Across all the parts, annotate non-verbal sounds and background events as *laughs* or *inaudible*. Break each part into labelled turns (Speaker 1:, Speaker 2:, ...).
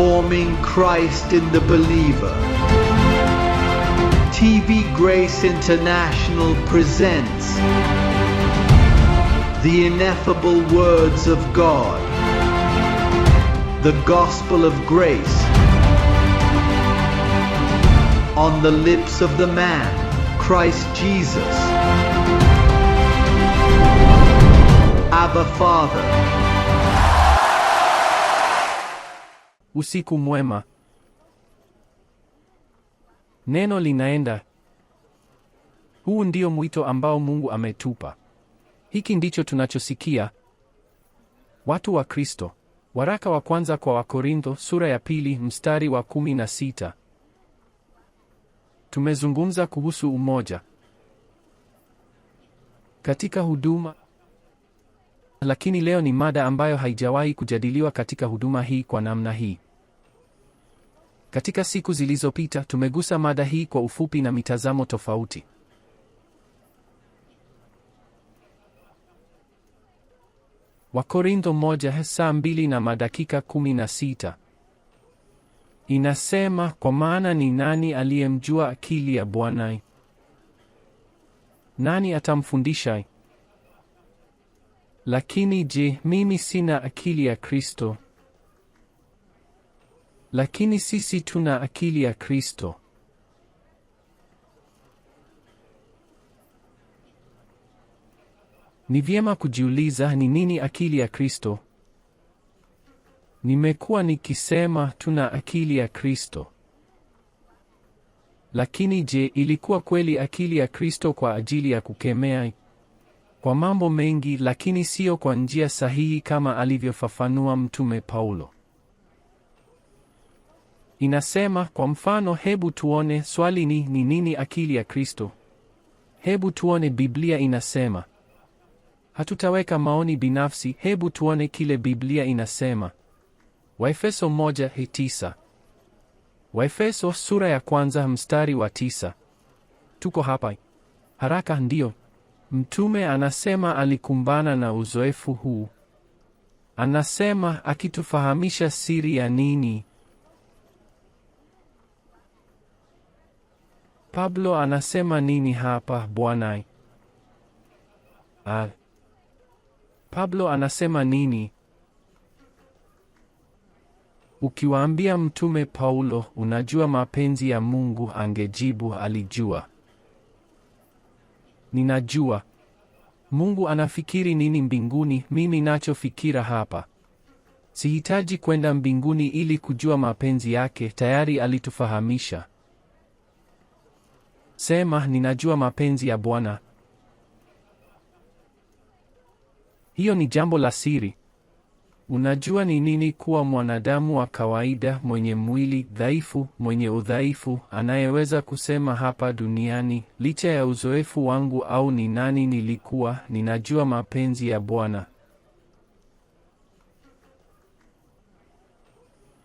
Speaker 1: forming Christ in the believer. TV Grace International presents the ineffable words of God, the gospel of grace on the lips of the man, Christ Jesus. Abba Father. Usiku mwema. Neno linaenda. Huu ndio mwito ambao Mungu ametupa. Hiki ndicho tunachosikia. Watu wa Kristo. Waraka wa kwanza kwa Wakorintho sura ya pili mstari wa 16. Tumezungumza kuhusu umoja katika huduma, lakini leo ni mada ambayo haijawahi kujadiliwa katika huduma hii kwa namna hii. Katika siku zilizopita tumegusa mada hii kwa ufupi na mitazamo tofauti. Wakorintho moja saa mbili na madakika kumi na sita inasema, kwa maana ni nani aliyemjua akili ya Bwana? Nani atamfundisha? Lakini je, mimi sina akili ya Kristo? Lakini sisi tuna akili ya Kristo. Ni vyema kujiuliza ni nini akili ya Kristo? Nimekuwa nikisema tuna akili ya Kristo. Lakini je, ilikuwa kweli akili ya Kristo kwa ajili ya kukemea kwa mambo mengi, lakini siyo kwa njia sahihi kama alivyofafanua Mtume Paulo? Inasema kwa mfano, hebu tuone, swali ni ni nini akili ya Kristo? Hebu tuone Biblia inasema. Hatutaweka maoni binafsi, hebu tuone kile Biblia inasema. Waefeso moja tisa. Waefeso sura ya kwanza mstari wa tisa. Tuko hapa haraka, ndiyo. Mtume anasema alikumbana na uzoefu huu, anasema akitufahamisha siri ya nini Pablo anasema nini hapa Bwana? Ah. Pablo anasema nini? Ukiwaambia mtume Paulo, unajua mapenzi ya Mungu, angejibu alijua. Ninajua Mungu anafikiri nini mbinguni, mimi nachofikira hapa. Sihitaji kwenda mbinguni ili kujua mapenzi yake, tayari alitufahamisha. Sema, ninajua mapenzi ya Bwana. Hiyo ni jambo la siri. Unajua ni nini kuwa mwanadamu wa kawaida mwenye mwili dhaifu, mwenye udhaifu, anayeweza kusema hapa duniani, licha ya uzoefu wangu au ni nani nilikuwa, ninajua mapenzi ya Bwana.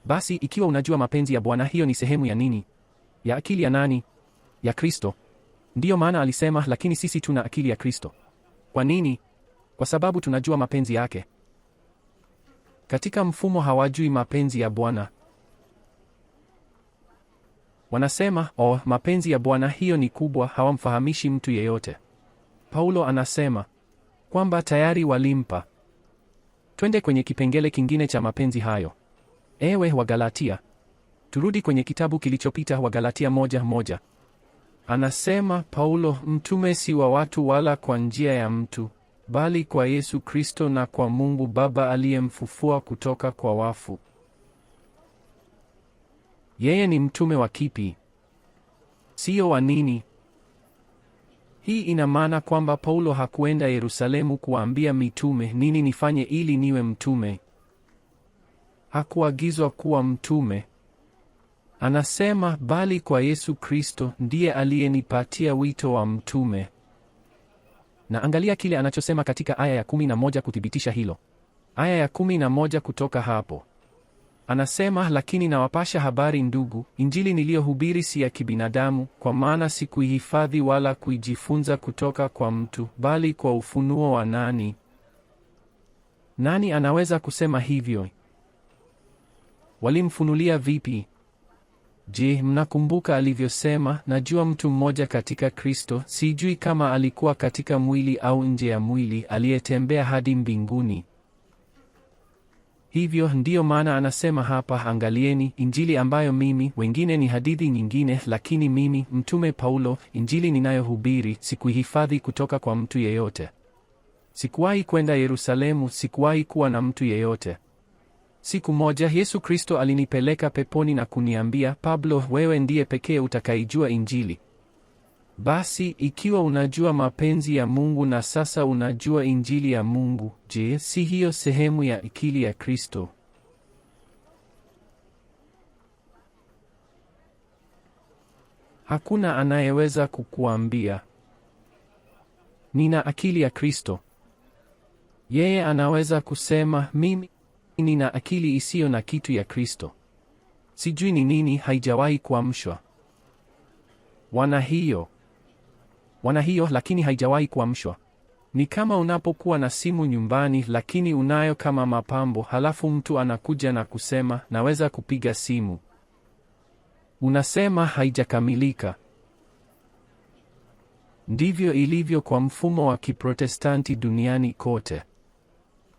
Speaker 1: Basi ikiwa unajua mapenzi ya Bwana, hiyo ni sehemu ya nini? Ya akili ya nani? ya Kristo. Ndiyo maana alisema, lakini sisi tuna akili ya Kristo. Kwa nini? Kwa sababu tunajua mapenzi yake. Katika mfumo hawajui mapenzi ya Bwana. Wanasema o oh, mapenzi ya Bwana hiyo ni kubwa, hawamfahamishi mtu yeyote. Paulo anasema kwamba tayari walimpa. Twende kwenye kipengele kingine cha mapenzi hayo. Ewe Wagalatia, turudi kwenye kitabu kilichopita, Wagalatia moja moja. Anasema Paulo, mtume si wa watu wala kwa njia ya mtu, bali kwa Yesu Kristo na kwa Mungu Baba aliyemfufua kutoka kwa wafu. Yeye ni mtume wa kipi? Siyo wa nini? Hii ina maana kwamba Paulo hakuenda Yerusalemu kuwaambia mitume nini nifanye ili niwe mtume. Hakuagizwa kuwa mtume. Anasema bali kwa Yesu Kristo ndiye aliyenipatia wito wa mtume. Na angalia kile anachosema katika aya ya kumi na moja kuthibitisha hilo. Aya ya kumi na moja kutoka hapo anasema, lakini nawapasha habari ndugu, injili niliyohubiri si ya kibinadamu, kwa maana sikuihifadhi wala kuijifunza kutoka kwa mtu, bali kwa ufunuo wa nani? Nani anaweza kusema hivyo? Walimfunulia vipi? Je, mnakumbuka alivyosema, najua mtu mmoja katika Kristo, sijui kama alikuwa katika mwili au nje ya mwili, aliyetembea hadi mbinguni. Hivyo ndiyo maana anasema hapa, angalieni injili ambayo mimi, wengine ni hadithi nyingine, lakini mimi mtume Paulo, injili ninayohubiri sikuihifadhi kutoka kwa mtu yeyote. Sikuwahi kwenda Yerusalemu, sikuwahi kuwa na mtu yeyote. Siku moja Yesu Kristo alinipeleka peponi na kuniambia, Pablo, wewe ndiye pekee utakaijua Injili. Basi ikiwa unajua mapenzi ya Mungu na sasa unajua Injili ya Mungu, je, si hiyo sehemu ya akili ya Kristo? Hakuna anayeweza kukuambia nina akili ya Kristo. Yeye anaweza kusema mimi nina akili isiyo na kitu ya Kristo, sijui ni nini, haijawahi kuamshwa. Wana hiyo wana hiyo, lakini haijawahi kuamshwa. Ni kama unapokuwa na simu nyumbani, lakini unayo kama mapambo, halafu mtu anakuja na kusema naweza kupiga simu. Unasema haijakamilika. Ndivyo ilivyo kwa mfumo wa Kiprotestanti duniani kote.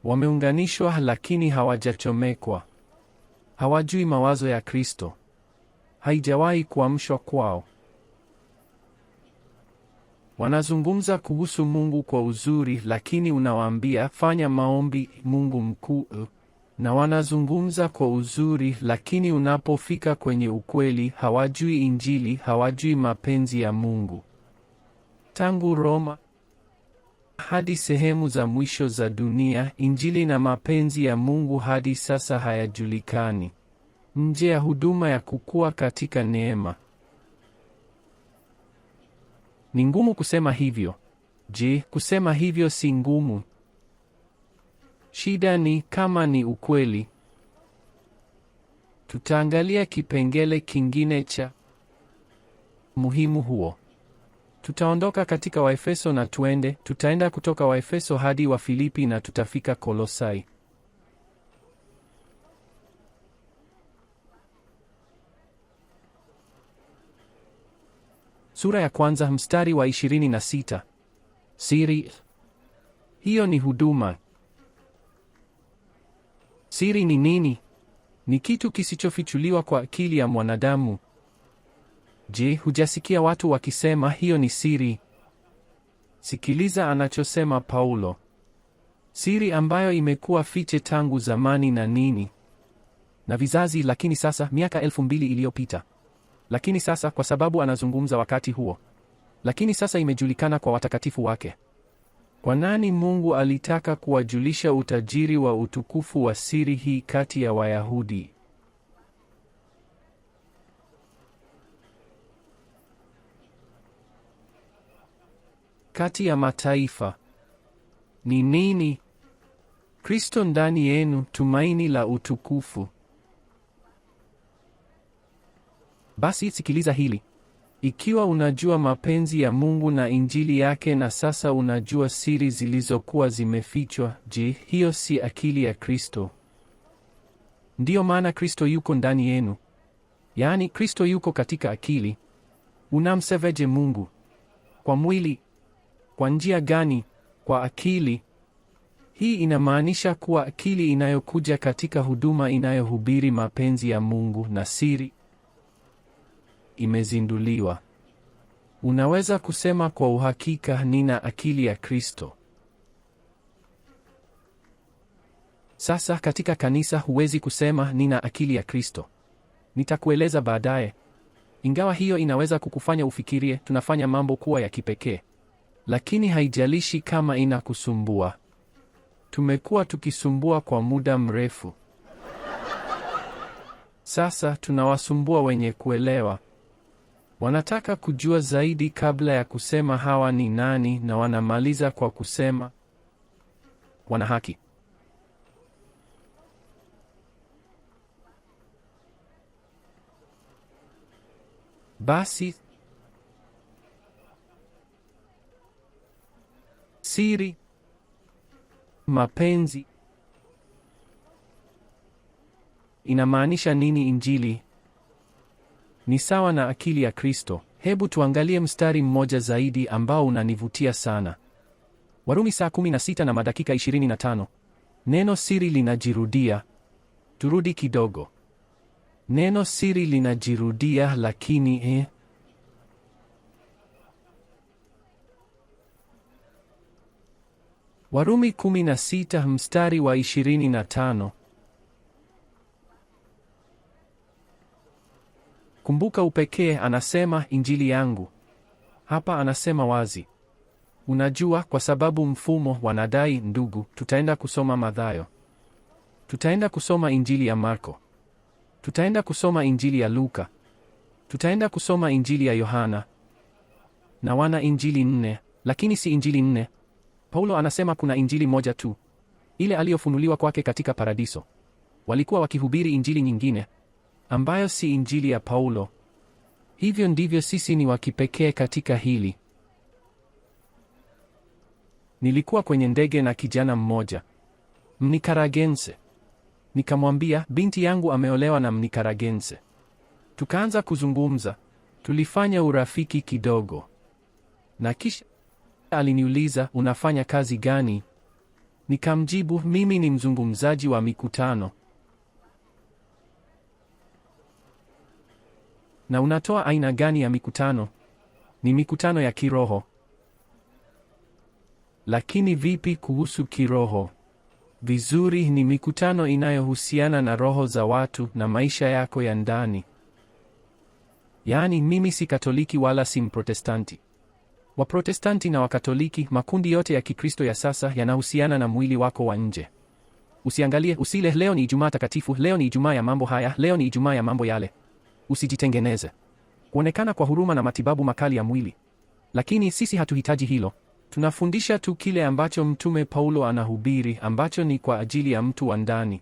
Speaker 1: Wameunganishwa lakini hawajachomekwa. Hawajui mawazo ya Kristo, haijawahi kuamshwa kwao. Wanazungumza kuhusu Mungu kwa uzuri, lakini unawaambia fanya maombi, Mungu mkuu, na wanazungumza kwa uzuri, lakini unapofika kwenye ukweli, hawajui Injili, hawajui mapenzi ya Mungu. Tangu Roma hadi sehemu za mwisho za dunia, injili na mapenzi ya Mungu hadi sasa hayajulikani nje ya huduma ya kukua katika neema. Ni ngumu kusema hivyo. Je, kusema hivyo si ngumu? Shida ni kama ni ukweli. Tutaangalia kipengele kingine cha muhimu huo. Tutaondoka katika Waefeso na tuende, tutaenda kutoka Waefeso hadi Wafilipi na tutafika Kolosai. Sura ya kwanza mstari wa 26. Siri hiyo ni huduma. Siri ni nini? Ni kitu kisichofichuliwa kwa akili ya mwanadamu. Je, hujasikia watu wakisema hiyo ni siri? Sikiliza anachosema Paulo. Siri ambayo imekuwa fiche tangu zamani na nini? Na vizazi lakini sasa miaka elfu mbili iliyopita. Lakini sasa kwa sababu anazungumza wakati huo. Lakini sasa imejulikana kwa watakatifu wake. Kwa nani Mungu alitaka kuwajulisha utajiri wa utukufu wa siri hii kati ya Wayahudi? kati ya mataifa. Ni nini? Kristo ndani yenu, tumaini la utukufu. Basi sikiliza hili. Ikiwa unajua mapenzi ya Mungu na injili yake na sasa unajua siri zilizokuwa zimefichwa, je, hiyo si akili ya Kristo? Ndiyo maana Kristo yuko ndani yenu. Yaani Kristo yuko katika akili. Unamseveje Mungu? Kwa mwili kwa njia gani? Kwa akili. Hii inamaanisha kuwa akili inayokuja katika huduma inayohubiri mapenzi ya Mungu na siri imezinduliwa. Unaweza kusema kwa uhakika, nina akili ya Kristo. Sasa katika kanisa huwezi kusema nina akili ya Kristo. Nitakueleza baadaye. Ingawa hiyo inaweza kukufanya ufikirie tunafanya mambo kuwa ya kipekee. Lakini haijalishi kama inakusumbua. Tumekuwa tukisumbua kwa muda mrefu. Sasa tunawasumbua wenye kuelewa. Wanataka kujua zaidi kabla ya kusema hawa ni nani, na wanamaliza kwa kusema wana haki. Basi siri, mapenzi. Inamaanisha nini Injili? Ni sawa na akili ya Kristo. Hebu tuangalie mstari mmoja zaidi ambao unanivutia sana. Warumi saa 16 na madakika 25. Neno siri linajirudia. Turudi kidogo. Neno siri linajirudia lakini eh, Warumi 16 mstari wa 25. Kumbuka upekee, anasema injili yangu. Hapa anasema wazi. Unajua, kwa sababu mfumo wanadai, ndugu, tutaenda kusoma Mathayo, tutaenda kusoma injili ya Marko, tutaenda kusoma injili ya Luka, tutaenda kusoma injili ya Yohana, na wana injili nne, lakini si injili nne Paulo anasema kuna injili moja tu, ile aliyofunuliwa kwake katika paradiso. Walikuwa wakihubiri injili nyingine ambayo si injili ya Paulo. Hivyo ndivyo sisi ni wa kipekee katika hili. Nilikuwa kwenye ndege na kijana mmoja Mnikaragense. Nikamwambia, binti yangu ameolewa na Mnikaragense. Tukaanza kuzungumza, tulifanya urafiki kidogo na kisha Aliniuliza, unafanya kazi gani? Nikamjibu, mimi ni mzungumzaji wa mikutano. Na unatoa aina gani ya mikutano? Ni mikutano ya kiroho. Lakini vipi kuhusu kiroho? Vizuri, ni mikutano inayohusiana na roho za watu na maisha yako ya ndani. Yaani mimi si Katoliki wala si Mprotestanti. Waprotestanti na Wakatoliki, makundi yote ya Kikristo ya sasa yanahusiana na mwili wako wa nje. Usiangalie, usile, leo ni Ijumaa takatifu, leo ni Ijumaa ya mambo haya, leo ni Ijumaa ya mambo yale. Usijitengeneze. Kuonekana kwa huruma na matibabu makali ya mwili. Lakini sisi hatuhitaji hilo. Tunafundisha tu kile ambacho Mtume Paulo anahubiri ambacho ni kwa ajili ya mtu wa ndani.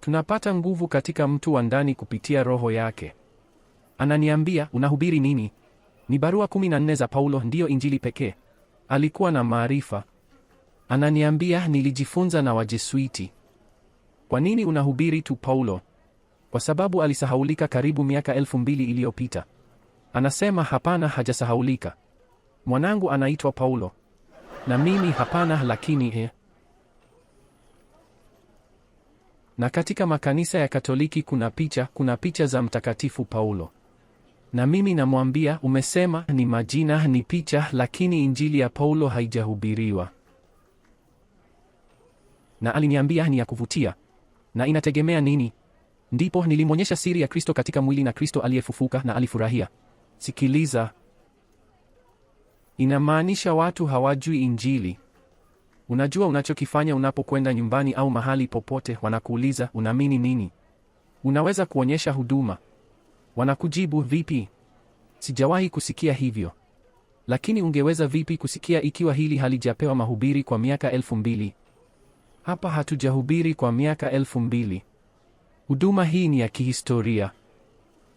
Speaker 1: Tunapata nguvu katika mtu wa ndani kupitia roho yake. Ananiambia, unahubiri nini? Ni barua 14 za Paulo ndiyo injili pekee. Alikuwa na maarifa. Ananiambia, nilijifunza na Wajesuiti. Kwa nini unahubiri tu Paulo? Kwa sababu alisahaulika karibu miaka elfu mbili iliyopita. Anasema hapana, hajasahaulika. Mwanangu anaitwa Paulo. Na mimi hapana, lakini he. Na katika makanisa ya Katoliki kuna picha, kuna picha za Mtakatifu Paulo. Na mimi namwambia, umesema ni majina, ni picha, lakini injili ya Paulo haijahubiriwa. Na aliniambia ni ya kuvutia na inategemea nini? Ndipo nilimwonyesha siri ya Kristo katika mwili na Kristo aliyefufuka, na alifurahia. Sikiliza, inamaanisha watu hawajui injili. Unajua unachokifanya unapokwenda nyumbani au mahali popote, wanakuuliza unaamini nini? Unaweza kuonyesha huduma Wanakujibu vipi? Sijawahi kusikia hivyo. Lakini ungeweza vipi kusikia ikiwa hili halijapewa mahubiri kwa miaka elfu mbili? Hapa hatujahubiri kwa miaka elfu mbili. Huduma hii ni ya kihistoria.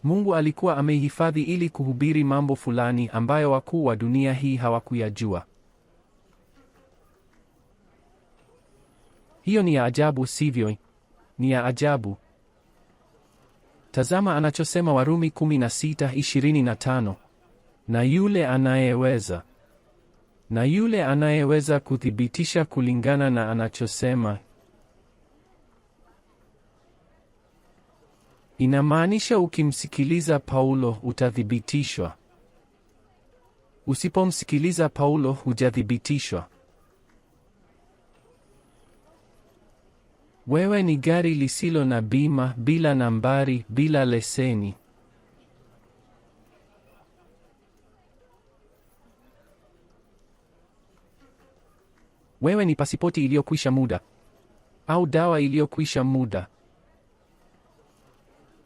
Speaker 1: Mungu alikuwa ameihifadhi ili kuhubiri mambo fulani ambayo wakuu wa dunia hii hawakuyajua. Hiyo ni ya ajabu, sivyo? Ni ya ajabu. Tazama anachosema Warumi 16:25. Na yule anayeweza na yule anayeweza kuthibitisha kulingana na anachosema, inamaanisha ukimsikiliza Paulo utathibitishwa. Usipomsikiliza Paulo hujathibitishwa. Wewe ni gari lisilo na bima, bila nambari, bila leseni. Wewe ni pasipoti iliyokwisha muda au dawa iliyokwisha muda.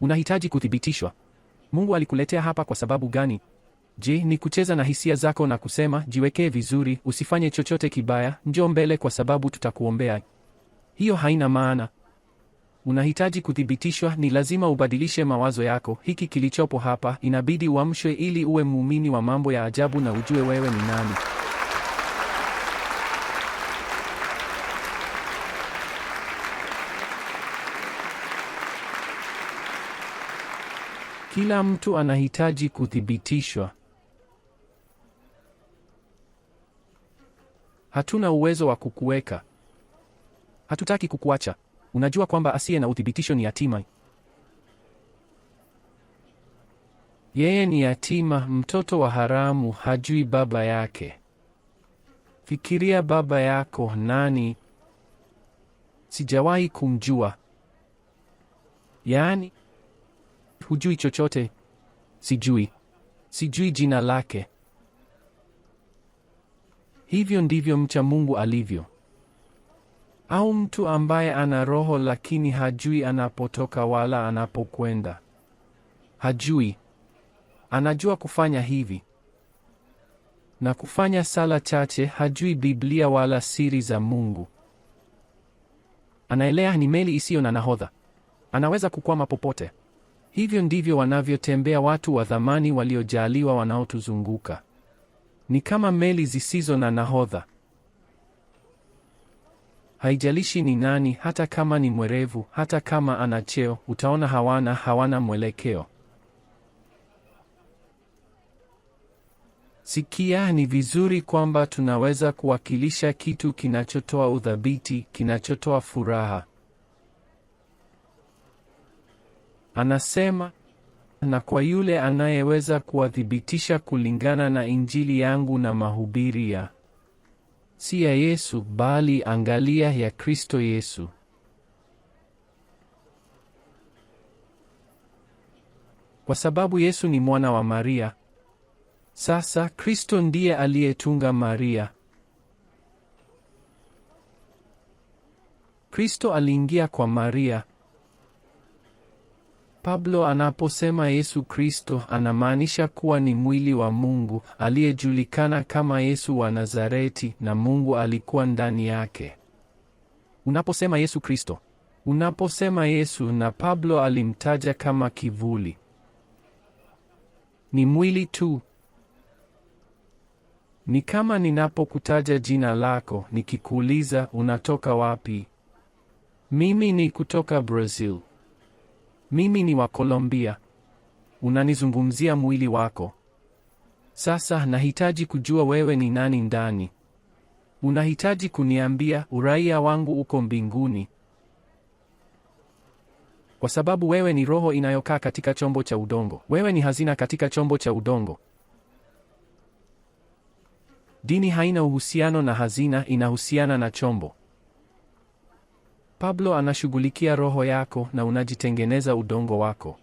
Speaker 1: Unahitaji kuthibitishwa. Mungu alikuletea hapa kwa sababu gani? Je, ni kucheza na hisia zako na kusema jiwekee vizuri, usifanye chochote kibaya, njoo mbele kwa sababu tutakuombea? hiyo haina maana. Unahitaji kuthibitishwa, ni lazima ubadilishe mawazo yako. Hiki kilichopo hapa inabidi uamshwe ili uwe muumini wa mambo ya ajabu na ujue wewe ni nani. Kila mtu anahitaji kuthibitishwa. Hatuna uwezo wa kukuweka hatutaki kukuacha. Unajua kwamba asiye na uthibitisho ni yatima. Yeye ni yatima, mtoto wa haramu, hajui baba yake. Fikiria baba yako nani? Sijawahi kumjua. Yaani hujui chochote? Sijui, sijui jina lake. Hivyo ndivyo mcha Mungu alivyo au mtu ambaye ana roho lakini hajui anapotoka wala anapokwenda. Hajui. Anajua kufanya hivi na kufanya sala chache, hajui Biblia wala siri za Mungu. Anaelea ni meli isiyo na nahodha. Anaweza kukwama popote. Hivyo ndivyo wanavyotembea watu wa dhamani waliojaliwa wanaotuzunguka. Ni kama meli zisizo na nahodha. Haijalishi ni nani, hata kama ni mwerevu, hata kama ana cheo, utaona hawana hawana mwelekeo. Sikia, ni vizuri kwamba tunaweza kuwakilisha kitu kinachotoa uthabiti, kinachotoa furaha. Anasema, na kwa yule anayeweza kuwathibitisha kulingana na Injili yangu na mahubiri ya si ya Yesu bali angalia ya Kristo Yesu. Kwa sababu Yesu ni mwana wa Maria, sasa Kristo ndiye aliyetunga Maria. Kristo aliingia kwa Maria. Pablo anaposema Yesu Kristo anamaanisha kuwa ni mwili wa Mungu aliyejulikana kama Yesu wa Nazareti na Mungu alikuwa ndani yake. Unaposema Yesu Kristo, unaposema Yesu na Pablo alimtaja kama kivuli. Ni mwili tu. Ni kama ninapokutaja jina lako nikikuuliza unatoka wapi? Mimi ni kutoka Brazil. Mimi ni wa Colombia. Unanizungumzia mwili wako. Sasa nahitaji kujua wewe ni nani ndani. Unahitaji kuniambia uraia wangu uko mbinguni. Kwa sababu wewe ni roho inayokaa katika chombo cha udongo. Wewe ni hazina katika chombo cha udongo. Dini haina uhusiano na hazina, inahusiana na chombo. Pablo anashughulikia roho yako na unajitengeneza udongo wako.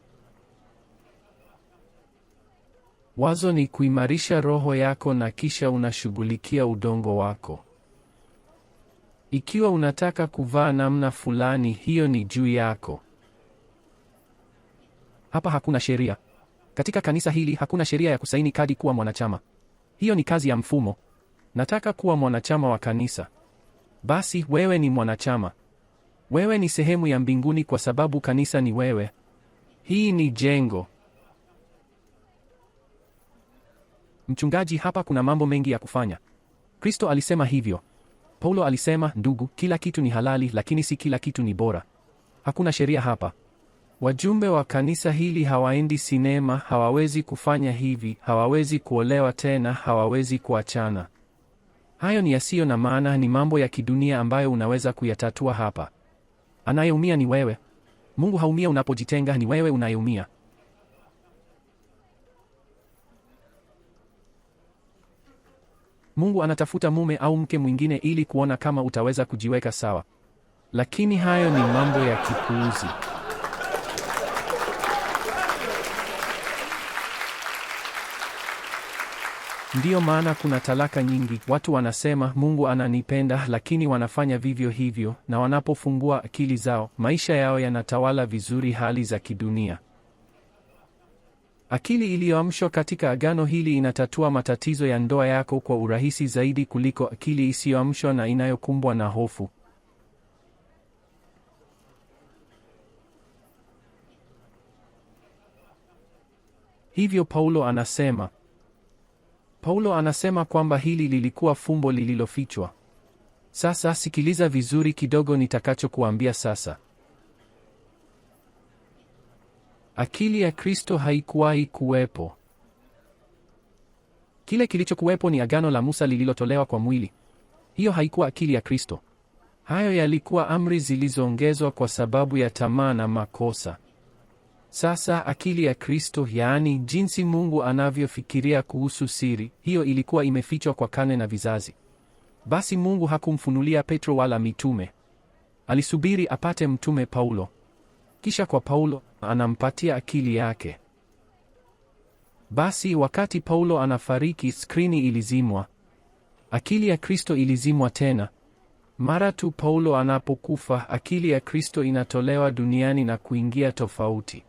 Speaker 1: Wazo ni kuimarisha roho yako na kisha unashughulikia udongo wako. Ikiwa unataka kuvaa namna fulani, hiyo ni juu yako. Hapa hakuna sheria. Katika kanisa hili hakuna sheria ya kusaini kadi kuwa mwanachama. Hiyo ni kazi ya mfumo. Nataka kuwa mwanachama wa kanisa. Basi wewe ni mwanachama. Wewe ni sehemu ya mbinguni kwa sababu kanisa ni wewe. Hii ni jengo. Mchungaji, hapa kuna mambo mengi ya kufanya. Kristo alisema hivyo. Paulo alisema, ndugu, kila kitu ni halali lakini si kila kitu ni bora. Hakuna sheria hapa. Wajumbe wa kanisa hili hawaendi sinema, hawawezi kufanya hivi, hawawezi kuolewa tena, hawawezi kuachana. Hayo ni yasiyo na maana, ni mambo ya kidunia ambayo unaweza kuyatatua hapa. Anayeumia ni wewe. Mungu haumia unapojitenga, ni wewe unayeumia. Mungu anatafuta mume au mke mwingine ili kuona kama utaweza kujiweka sawa. Lakini hayo ni mambo ya kipuuzi. Ndiyo maana kuna talaka nyingi. Watu wanasema Mungu ananipenda, lakini wanafanya vivyo hivyo, na wanapofungua akili zao, maisha yao yanatawala vizuri hali za kidunia. Akili iliyoamshwa katika agano hili inatatua matatizo ya ndoa yako kwa urahisi zaidi kuliko akili isiyoamshwa na inayokumbwa na hofu. Hivyo Paulo anasema Paulo anasema kwamba hili lilikuwa fumbo lililofichwa. Sasa sikiliza vizuri kidogo nitakachokuambia sasa. Akili ya Kristo haikuwahi kuwepo. Kile kilichokuwepo ni agano la Musa lililotolewa kwa mwili. Hiyo haikuwa akili ya Kristo. Hayo yalikuwa amri zilizoongezwa kwa sababu ya tamaa na makosa. Sasa akili ya Kristo, yaani jinsi Mungu anavyofikiria kuhusu siri, hiyo ilikuwa imefichwa kwa karne na vizazi. Basi Mungu hakumfunulia Petro wala mitume. Alisubiri apate mtume Paulo. Kisha kwa Paulo anampatia akili yake. Basi wakati Paulo anafariki, skrini ilizimwa. Akili ya Kristo ilizimwa tena. Mara tu Paulo anapokufa, akili ya Kristo inatolewa duniani na kuingia tofauti.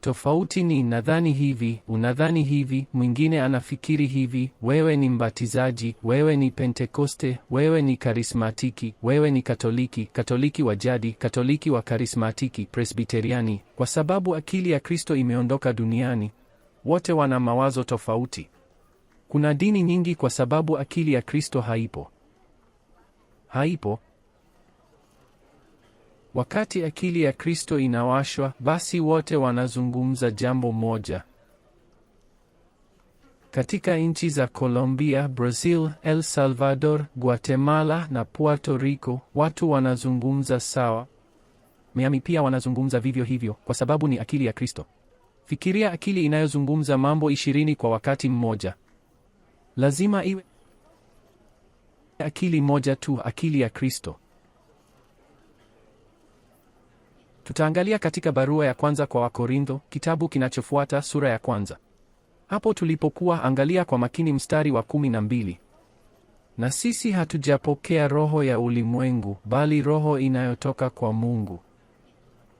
Speaker 1: Tofauti ni nadhani hivi, unadhani hivi, mwingine anafikiri hivi, wewe ni mbatizaji, wewe ni Pentekoste, wewe ni karismatiki, wewe ni Katoliki, Katoliki wa jadi, Katoliki wa karismatiki, Presbiteriani. Kwa sababu akili ya Kristo imeondoka duniani, wote wana mawazo tofauti. Kuna dini nyingi kwa sababu akili ya Kristo haipo. Haipo. Wakati akili ya Kristo inawashwa, basi wote wanazungumza jambo moja. Katika nchi za Colombia, Brazil, El Salvador, Guatemala na Puerto Rico, watu wanazungumza sawa. Miami pia wanazungumza vivyo hivyo kwa sababu ni akili ya Kristo. Fikiria akili inayozungumza mambo ishirini kwa wakati mmoja. Lazima iwe akili moja tu, akili ya Kristo. Tutaangalia katika barua ya kwanza kwa Wakorintho, kitabu kinachofuata sura ya kwanza. Hapo tulipokuwa, angalia kwa makini mstari wa kumi na mbili. Na sisi hatujapokea roho ya ulimwengu, bali roho inayotoka kwa Mungu.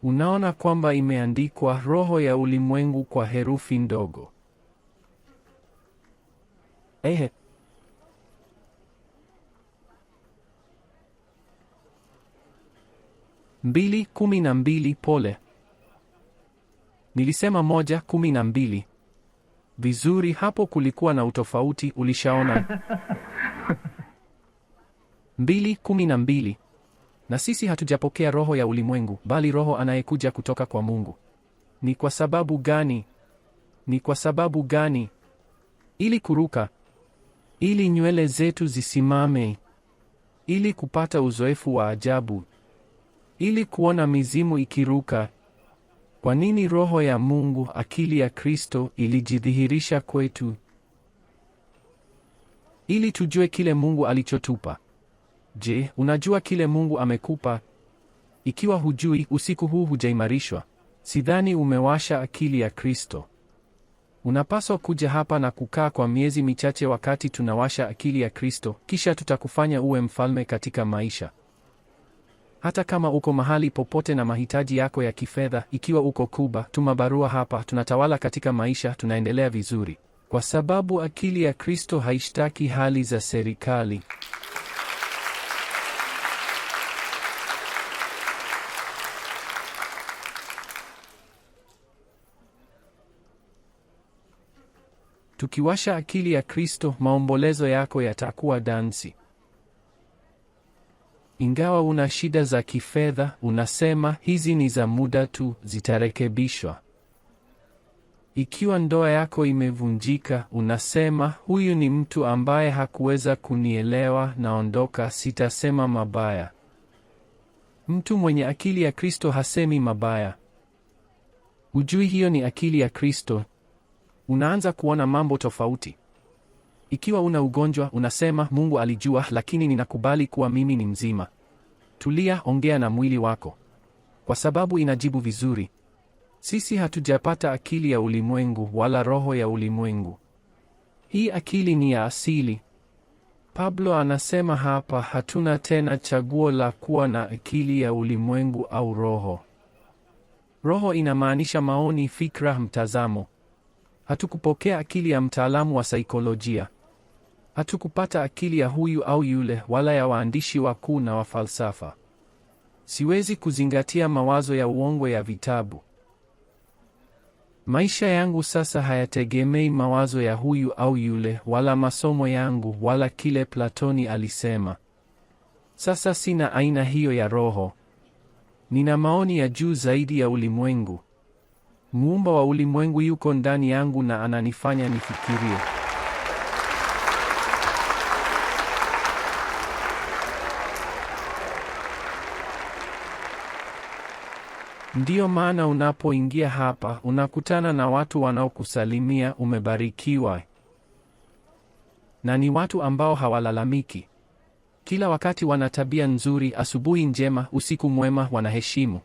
Speaker 1: Unaona kwamba imeandikwa roho ya ulimwengu kwa herufi ndogo. Ehe. mbili kumi na mbili Pole, nilisema moja kumi na mbili. Vizuri, hapo kulikuwa na utofauti, ulishaona? *laughs* mbili kumi na mbili. Na sisi hatujapokea roho ya ulimwengu, bali roho anayekuja kutoka kwa Mungu. Ni kwa sababu gani? Ni kwa sababu gani? Ili kuruka, ili nywele zetu zisimame, ili kupata uzoefu wa ajabu ili kuona mizimu ikiruka. Kwa nini roho ya Mungu, akili ya Kristo ilijidhihirisha kwetu? Ili tujue kile Mungu alichotupa. Je, unajua kile Mungu amekupa? Ikiwa hujui, usiku huu hujaimarishwa. Sidhani umewasha akili ya Kristo. Unapaswa kuja hapa na kukaa kwa miezi michache wakati tunawasha akili ya Kristo, kisha tutakufanya uwe mfalme katika maisha. Hata kama uko mahali popote na mahitaji yako ya kifedha, ikiwa uko Kuba, tuma barua hapa. Tunatawala katika maisha, tunaendelea vizuri, kwa sababu akili ya Kristo haishtaki hali za serikali. Tukiwasha akili ya Kristo, maombolezo yako yatakuwa dansi. Ingawa una shida za kifedha, unasema hizi ni za muda tu, zitarekebishwa. Ikiwa ndoa yako imevunjika, unasema huyu ni mtu ambaye hakuweza kunielewa, naondoka, sitasema mabaya. Mtu mwenye akili ya Kristo hasemi mabaya. Ujui hiyo ni akili ya Kristo. Unaanza kuona mambo tofauti. Ikiwa una ugonjwa unasema, Mungu alijua, lakini ninakubali kuwa mimi ni mzima. Tulia, ongea na mwili wako, kwa sababu inajibu vizuri. Sisi hatujapata akili ya ulimwengu wala roho ya ulimwengu. Hii akili ni ya asili. Pablo anasema hapa, hatuna tena chaguo la kuwa na akili ya ulimwengu au roho. Roho inamaanisha maoni, fikra, mtazamo. Hatukupokea akili ya mtaalamu wa saikolojia. Hatukupata akili ya huyu au yule, wala ya waandishi wakuu na wafalsafa. Siwezi kuzingatia mawazo ya uongo ya vitabu. Maisha yangu sasa hayategemei mawazo ya huyu au yule, wala masomo yangu, wala kile Platoni alisema. Sasa sina aina hiyo ya roho. Nina maoni ya juu zaidi ya ulimwengu. Muumba wa ulimwengu yuko ndani yangu na ananifanya nifikirie. Ndiyo maana unapoingia hapa unakutana na watu wanaokusalimia umebarikiwa, na ni watu ambao hawalalamiki. Kila wakati wana tabia nzuri, asubuhi njema, usiku mwema, wanaheshimu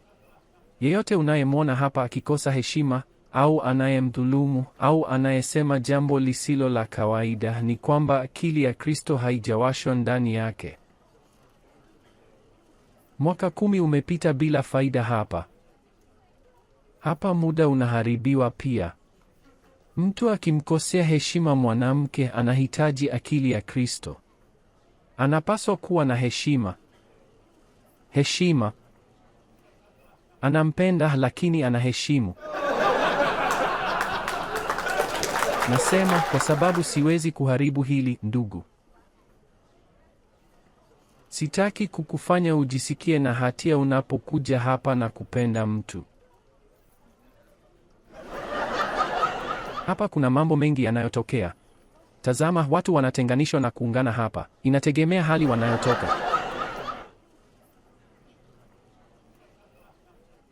Speaker 1: yeyote unayemwona hapa akikosa heshima au anayemdhulumu au anayesema jambo lisilo la kawaida, ni kwamba akili ya Kristo haijawashwa ndani yake. Mwaka kumi umepita bila faida hapa. Hapa muda unaharibiwa pia. Mtu akimkosea heshima mwanamke anahitaji akili ya Kristo. Anapaswa kuwa na heshima. Heshima. Anampenda lakini anaheshimu. Nasema kwa sababu siwezi kuharibu hili ndugu. Sitaki kukufanya ujisikie na hatia unapokuja hapa na kupenda mtu. Hapa kuna mambo mengi yanayotokea. Tazama, watu wanatenganishwa na kuungana hapa, inategemea hali wanayotoka.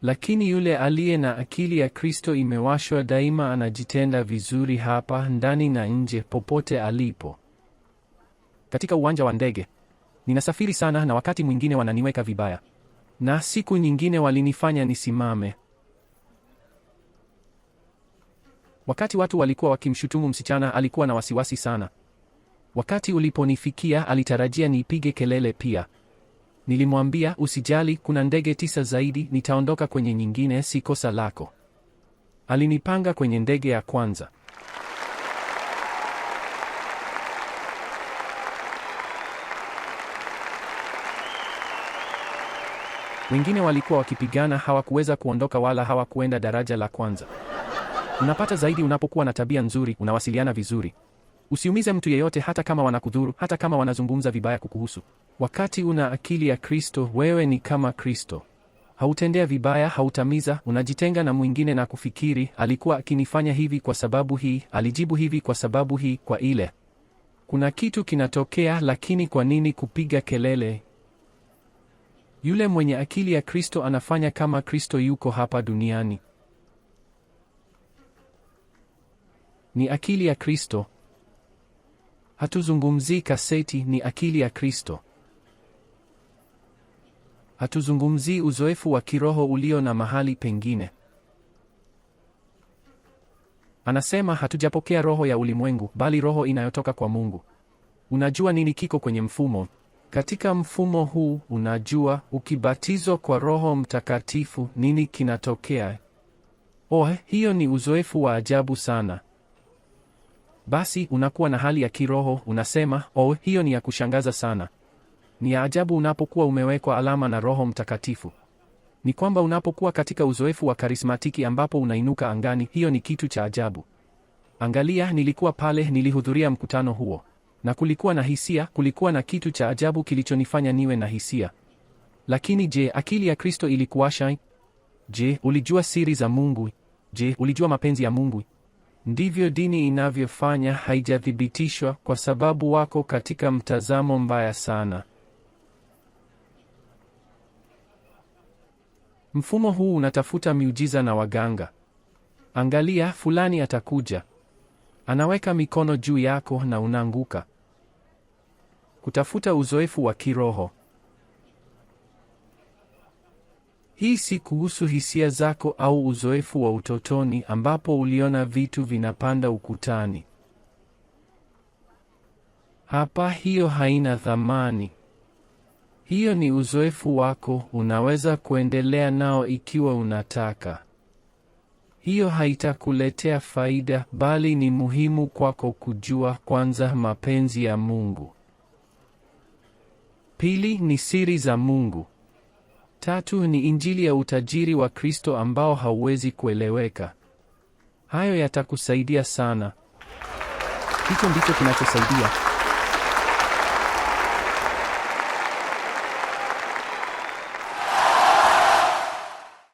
Speaker 1: Lakini yule aliye na akili ya Kristo imewashwa daima, anajitenda vizuri hapa ndani na nje, popote alipo. Katika uwanja wa ndege ninasafiri sana, na wakati mwingine wananiweka vibaya, na siku nyingine walinifanya nisimame. Wakati watu walikuwa wakimshutumu msichana, alikuwa na wasiwasi sana. Wakati uliponifikia, alitarajia niipige kelele pia. Nilimwambia, usijali, kuna ndege tisa zaidi, nitaondoka kwenye nyingine, si kosa lako. Alinipanga kwenye ndege ya kwanza. Wengine walikuwa wakipigana, hawakuweza kuondoka wala hawakuenda daraja la kwanza. Unapata zaidi unapokuwa na tabia nzuri, unawasiliana vizuri. Usiumize mtu yeyote, hata kama wanakudhuru, hata kama wanazungumza vibaya kukuhusu. Wakati una akili ya Kristo, wewe ni kama Kristo. Hautendea vibaya, hautamiza, unajitenga na mwingine na kufikiri, alikuwa akinifanya hivi kwa sababu hii, alijibu hivi kwa sababu hii, kwa ile. Kuna kitu kinatokea, lakini kwa nini kupiga kelele? Yule mwenye akili ya Kristo anafanya kama Kristo yuko hapa duniani. ni akili ya Kristo. Hatuzungumzii kaseti, ni akili ya Kristo. Hatuzungumzii uzoefu wa kiroho ulio na mahali pengine. Anasema hatujapokea roho ya ulimwengu, bali roho inayotoka kwa Mungu. Unajua nini kiko kwenye mfumo? Katika mfumo huu unajua, ukibatizwa kwa Roho Mtakatifu nini kinatokea? Oh, hiyo ni uzoefu wa ajabu sana basi unakuwa na hali ya kiroho unasema, oh, hiyo ni ya kushangaza sana. Ni ya ajabu unapokuwa umewekwa alama na Roho Mtakatifu. Ni kwamba unapokuwa katika uzoefu wa karismatiki ambapo unainuka angani, hiyo ni kitu cha ajabu. Angalia, nilikuwa pale, nilihudhuria mkutano huo na kulikuwa na hisia, kulikuwa na kitu cha ajabu kilichonifanya niwe na hisia. Lakini je, akili ya Kristo ilikuwasha? Je, ulijua siri za Mungu? Je, ulijua mapenzi ya Mungu? Ndivyo dini inavyofanya, haijathibitishwa, kwa sababu wako katika mtazamo mbaya sana. Mfumo huu unatafuta miujiza na waganga. Angalia, fulani atakuja, anaweka mikono juu yako na unaanguka. Kutafuta uzoefu wa kiroho. Hii si kuhusu hisia zako au uzoefu wa utotoni ambapo uliona vitu vinapanda ukutani. Hapa hiyo haina thamani. Hiyo ni uzoefu wako, unaweza kuendelea nao ikiwa unataka. Hiyo haitakuletea faida, bali ni muhimu kwako kujua kwanza mapenzi ya Mungu. Pili ni siri za Mungu. Tatu ni injili ya utajiri wa Kristo ambao hauwezi kueleweka. Hayo yatakusaidia sana. Hicho ndicho kinachosaidia.